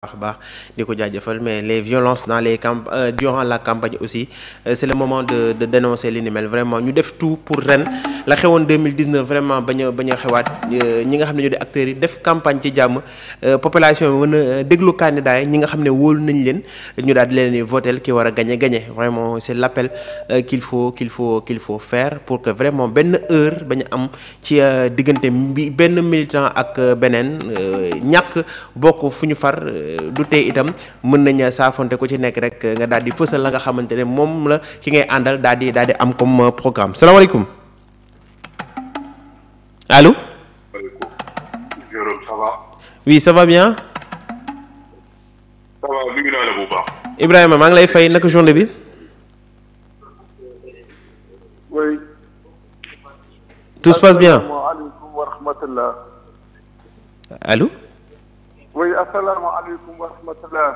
baax baax di ko jaajëfal mais les violences dans les camp euh, aussi euh, c'est le moment de de dénoncer vraiment ñu def tout pour ren la xewoon vraiment bañ a a xewaat euh, ñi nga xam ne ñoo di acteurs yi def campagne ci jàmm population bi a déglu candidat ñi nga xam ne wóolu nañ leen ñu daal di leen votel ki war a gagné vraiment c'est l'appel qu'il faut qu'il faut qu'il faut faire pour que vraiment benn heure bañ a am ci diggante bi benn militant ak beneen ñàkk du tee itam mën nañ saafonte ko ci nekk rek nga daal di fësal la nga xamante ne moom la ki ngay àndal daal di daal di am comme euh, programme salaamaaleykum allo. maaleykum. Jérôme ça bien. ça maa ngi lay fay naka journée bi. oui. tout se bien. asalaamaaleykum asalaamaaleykum wa rahmatulah.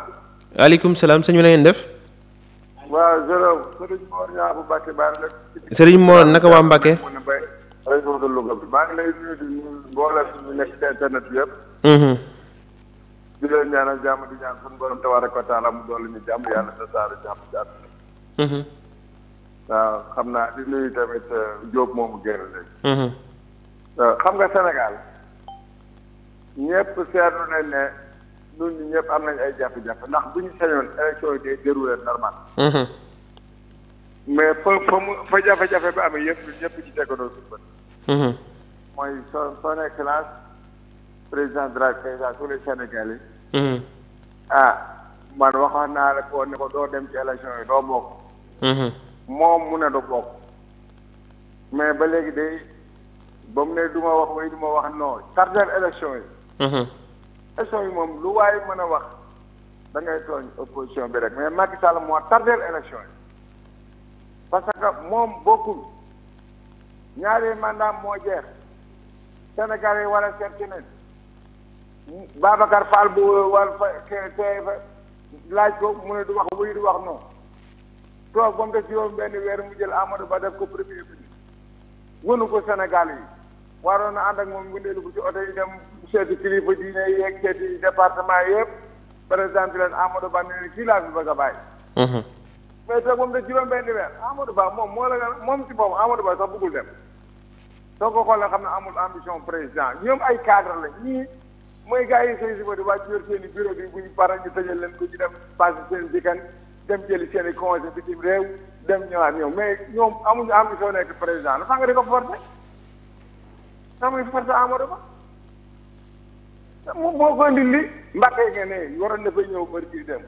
waaleykum salaam sëñ bi na ngeen def. waaw jërëjëf Serigne Mor Niang bu Mbacke Baar la. Serigne ngi lay nuyu di nuyu mboolem ñu nekk ci internet bi mhm. mhm. waaw xam naa di nuyu tamit euh, Diop moomu génn léegi. Mhm. Euh, xam nga senegaal ñëpp seetlu nañ ne. ñun ñu ñëpp am nañ ay jafe-jafe ndax bu ñu sañoon élection yi day déroulé normal. Mhm. mais fa fa mu fa jafe-jafe bi amee yëpp ñun ñëpp ci tegaloo suñu bët. Mhm. mooy son son excellence président de la République tous les Sénégalais. Mhm. Ah, dem ci élection yi doo moom mu ne du bokk. mais ba léegi day ba mu ne du ma wax way du ma wax non tardeel élection yi. élection yi moom lu waaye mën a wax da ngay tooñ opposition bi rek mais Macky Sall moo tardeel élection yi parce que moom bokkul ñaari mandat moo jeex Sénégal yi war a seet keneen Babacar Fall bu war fa fa laaj ko mu ne du wax wuy du wax non toog ba mu def juróom benn weer mu jël Amadou Ba def ko premier ministre wënu ko Sénégal yi waroon na ànd ak moom ngundeelu ko ci oto yi dem seeti kilifa diine yeeg seeti département yëpp président leen Amadou Ba nee na kii laa fi bëgg a bàyyi. Mhm. mais toog moom da juróom-benn weer Amadou Ba moom moo la moom ci boobu Amadou Ba sax bëggul dem soo ko xoolee xam ne amul ambition président ñoom ay cadre la ñii mooy gars yi sëy si ba di wàcc yor seen i bureau bi bu ñu paree ñu tëjal leen ko ñu dem passé seen dikkan dem jëli seen i conseil bitim réew dem ñëwaat ñëw mais ñoom amuñu ambition nekk président la fa nga di ko forcé xam nga forcé Amadou Ba. moom moo ko indi li Mbacke nga ne waroon na fa ñëw bari ci dem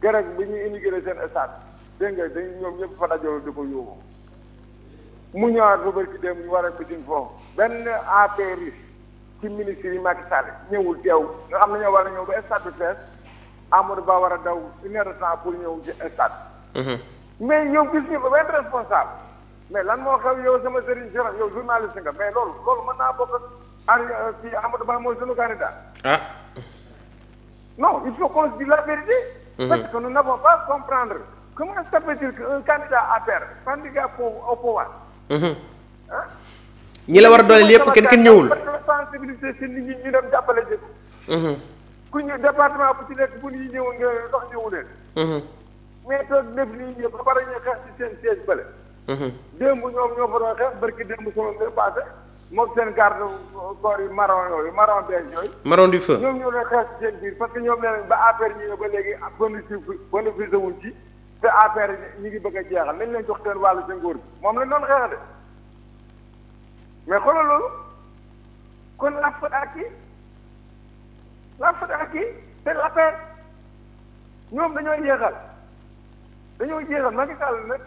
keroog bi ñuy immigré seen stade dégg nga dañ ñoom ñëpp fa dajoo di ko yóbbu mu ñëwaat fa bari ci dem ñu war a bitim foofu benn APR ci ministre yi Macky Sall ñëwul teew nga xam ne ñoo war ñëw ba stade bi fees Amadou Ba war a daw une heure de temps ñëw ci stade. Mhm. mais yow gis ñu ba benn responsable mais lan moo xew yow sama sëriñ si nga mais loolu loolu mën naa bokk. Ar kii euh, Amadou Ba mooy sunu candidat. ah. non il faut qu'on la vérité. Mhm. parce que nous n'avons pas comprendre comment ça peut dire qu'un candidat à terre candidat au pouvoir. ah. ñi la war a dooleel yëpp kenn kenn ñëwul. ñu dem jàppale jëf. Mhm. ku ñu département bu ci nekk bu ñu ñëw nga dox ñëwu leen. mais toog def lii yëpp ba pare ñu xeex ci seen siège bële. démb ñoom ñoo fa xeex barki démb sama mbir paase. moom seen garde corps yi marron yooyu marron beige yooyu. marron du que ñoom nee ba affaire ñu ne ba léegi bénéfice bénéfice wuñ ci te affaire ñi ngi bëgg a jeexal nañ leen jox seen wàllu sa nguur gi moom lañ doon xeex de mais xoolal loolu kon la faute à qui la faute à qui c'est l'affaire ñoom dañoo yéexal dañoo yéexal Macky Sall na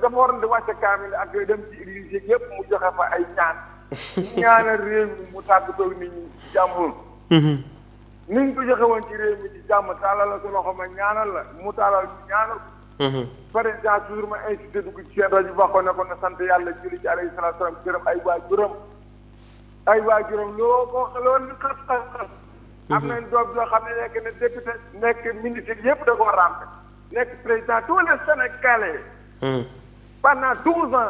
dafa waroon di wàcce kaamil ak dem ci église yëpp mu joxe fa ay ñaan. ñu ñaanal réew mi mu tàggatoo nit ñi ci jàmm. Mhm. ni ñu ko woon ci réew mi ci jàmm tàllal la sa ma ñaanal la mu tàllal ñu ñaanal. Mhm. président toujours ma incité dugg ci seen rajo waxoon ne ko na sant yàlla julli ci salaam gërëm ay waa juróom. ay waa juróom loo ko loolu xas xas xas. Mhm. am nañ doom yoo xam ne nekk na député nekk ministre yëpp da koo nekk président tous les Sénégalais. pendant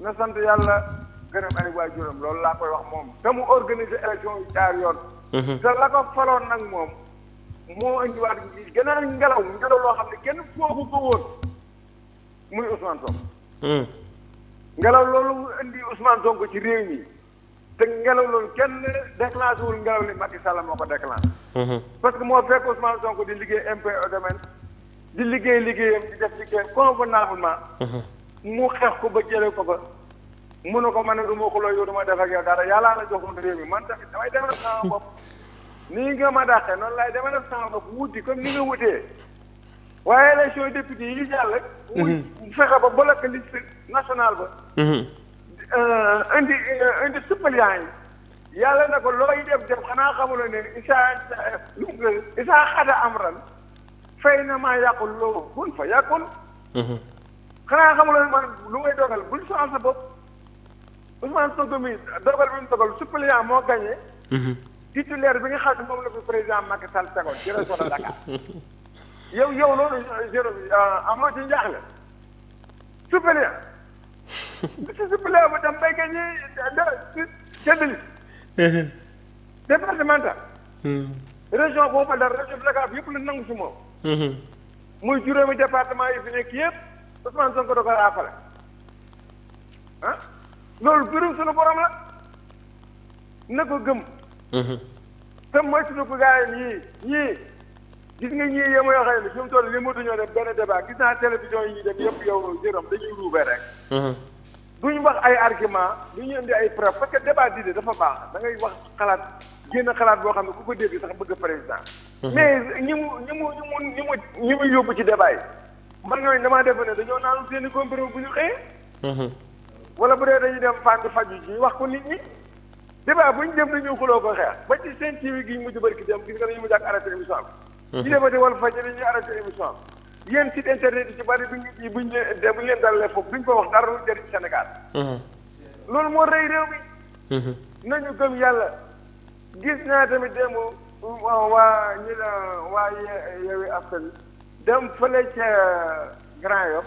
na sant yàlla. gërëm a waajuram loolu laa koy wax moom te mu organiser élection yu jaar mhm. te la ko faloon nag moom moo indiwaat gi gën a ngelaw ngelaw loo xam ne kenn foofu ko woon mhm. ngelaw loolu indi Ousmane ci réew mi te ngelaw loolu kenn déclenché wul ngelaw li Macky Sall moo ko déclenché. Mhm. parce que moo fekk Ousmane Sonko di liggéey impôt et domaine di liggéey liggéeyam di def liggéeyam convenablement. mu xeex ko ba jëlee ko mun na ko man ne du ma xuloo yow du ma def ak yow dara yàllaa la jox réew mi man tamit damay demal sama hmm. bopp nga ma dàqee noonu laay dama def sama bopp wuti comme ni nga wutee waaye élection député yi jàll bu hmm. fexe ba ba hmm. euh, indi euh, indi suppléant yi yàlla na ko looy def def xanaa xamula ne isaa isaa xada am ran fay na maa yàqul loo bun fa yàqul xanaa xamula ne man lu ngay dogal bul soxal sa bopp Ousmane Sonko mi dogal bi mu dogal suppléant moo gagné. Mhm. titulaire bi nga xam moom la fi président Macky Sall tegoon ci région de Dakar yow yow loolu zéro ah, amoo ci njaaxle suppléant si suppléant bu dem béykat yi dara ci séddale. départemental. Mhm. région boo fa dara région de Dakar yëpp la nangu si moom. Mhm. muy juróomi département yi fi nekk yëpp Ousmane Sonko dogal a affaire loolu birum suñu borom la na ko gëm mhm. te mooy suñu ko gaay yii ñii gis nga ñii yé ma yoo xam ne fi mu toll li mutuñoo def benn débat gis naa télévision yi ñuy def yëpp yow jërëm dañuy ruubee rek mhm. duñ wax ay argument du ñu di ay preuve parce que débat d'idées dafa baax da ngay wax xalaat génn xalaat boo xam ne ku ko dégg sax bëgg président mhm. mais ñi mu ñi mu ñu mu ñi mu ñi mu yóbbu ci débat yi man ñooñu damaa defe ne dañoo naanu seen i comprimé bu ñu xëyee wala bu dee dañuy dem fànn faju ñu wax ko nit ñi débat bu ñu dem dañu xuloo ko xeex ba ci seen TV gi ñu mujj barki dem gis nga dañu mujj ak arrêté émission am mhm. ñu demati wala faj dañuy arrêté émission am yéen site internet yi ci bari buñ buñ leen buñ foofu duñ ko wax dara lu jëriñ Sénégal mhm. loolu moo rëy réew mi mhm. nañu gëm yàlla gis naa tamit dem waa ñi la waa yeewi askan dem fële euh, Grand Yoff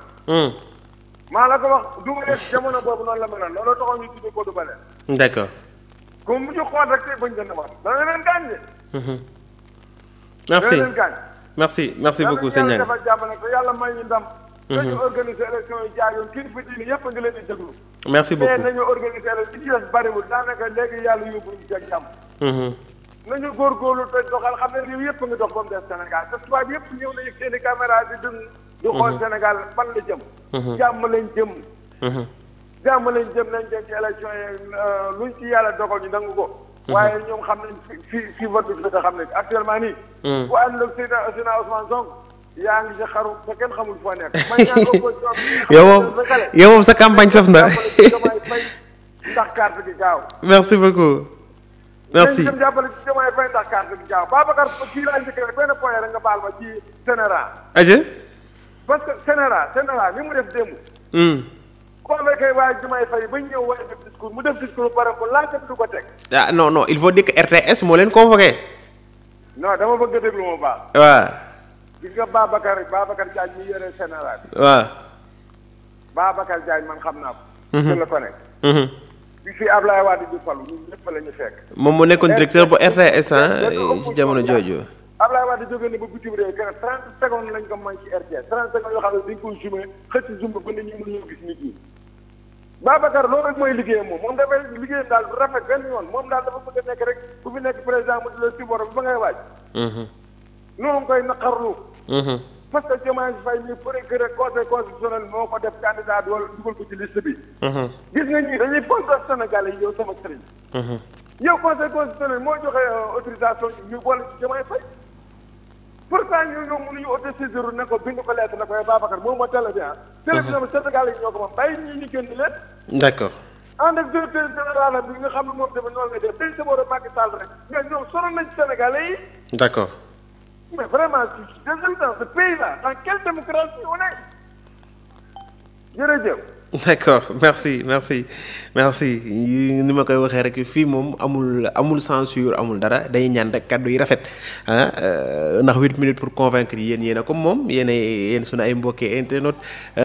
Hmm. maa la ko wax du ma nekk jamono boobu noonu la meloon looloo taxoon ñu tuddee ko du bale. d'accord. comme bu ñu xool rek tey bañ gën a wax. dana leen gaañ de. Hmm. merci dana leen gaañ. merci merci beaucoup sëñ Niang dafa jàppale ko yàlla may ñu ndam. dañu hmm. organiser yi jaar yoon kii fi diine yëpp a ngi leen di déglu. merci beaucoup mais nañu organiser yi ci des bariwul daanaka léegi yàlla te doxal xam ne réew yëpp a ngi dox ba mu des Sénégal te tubaab yëpp ñëw nañu seen i caméra di du xool Sénégal fan la jëm. jàmm lañ jëm. jàmm lañ jëm nañ jëm ci élection yi euh, ci yàlla dogal ñu nangu ko. waaye ñoom xam nañ fi fi vote bi nga xam ne actuellement nii. ku ànd ak Seydina Ousmane Sonko. yaa ngi ci xaru te kenn xamul foo nekk. yow moom yow moom sa campagne saf na. ndax carte gi gaaw. merci beaucoup. merci ci Diomaye ndax carte gi gaaw Babacar kii laa njëkk rek baal ma ci général. parce que sénéra sénéra li mu def démb. convoqué hmm. waa Diomaye Faye ba ñëw war a def discours mu def discours pare ko laajte du ko teg. ah non non il faut dire RTS mhm. mhm. moom mu nekkoon directeur bu RTS ah ci jamono jooju. Abdoulaye Wade jógee na ba bitim réew keroog 30 ci RTS 30 secondes yoo xam ne a nekk rek mm-hmm. mm-hmm. ko def candidat wala dugal ko ci liste bi. Mm-hmm. gis nga ñii dañuy fonk Sénégal yi yow sama sëriñ. yow conseil constitutionnel moo joxe euh, autorisation ñu boole ci Diomaye Faye. pourtant yooyu yow mënuñu autosaisir ne ko bind ko lettre ne ko yow eh, Babacar moom ma mhm. télé bi ah. télé bi nag Sénégal yi ñoo ko moom bàyyi ñii ñu génn leen. d' accord. ànd ak directeur général bi nga xam ne moom tamit noonu lay def tey sa borom Macky Sall rek mais ñoom sonal nañ Sénégalais yi. d' accord. mais vraiment si si dans ce pays là dans quelle démocratie on est. jërëjëf. d'accord merci merci merci ni ma koy waxee rek fii moom amul amul censure amul dara day ñaan rek kàddu yi rafet ah euh, ndax huit minutes pour convaincre yéen yéen comme moom yéen yéen sunu ay mbokki internautes euh,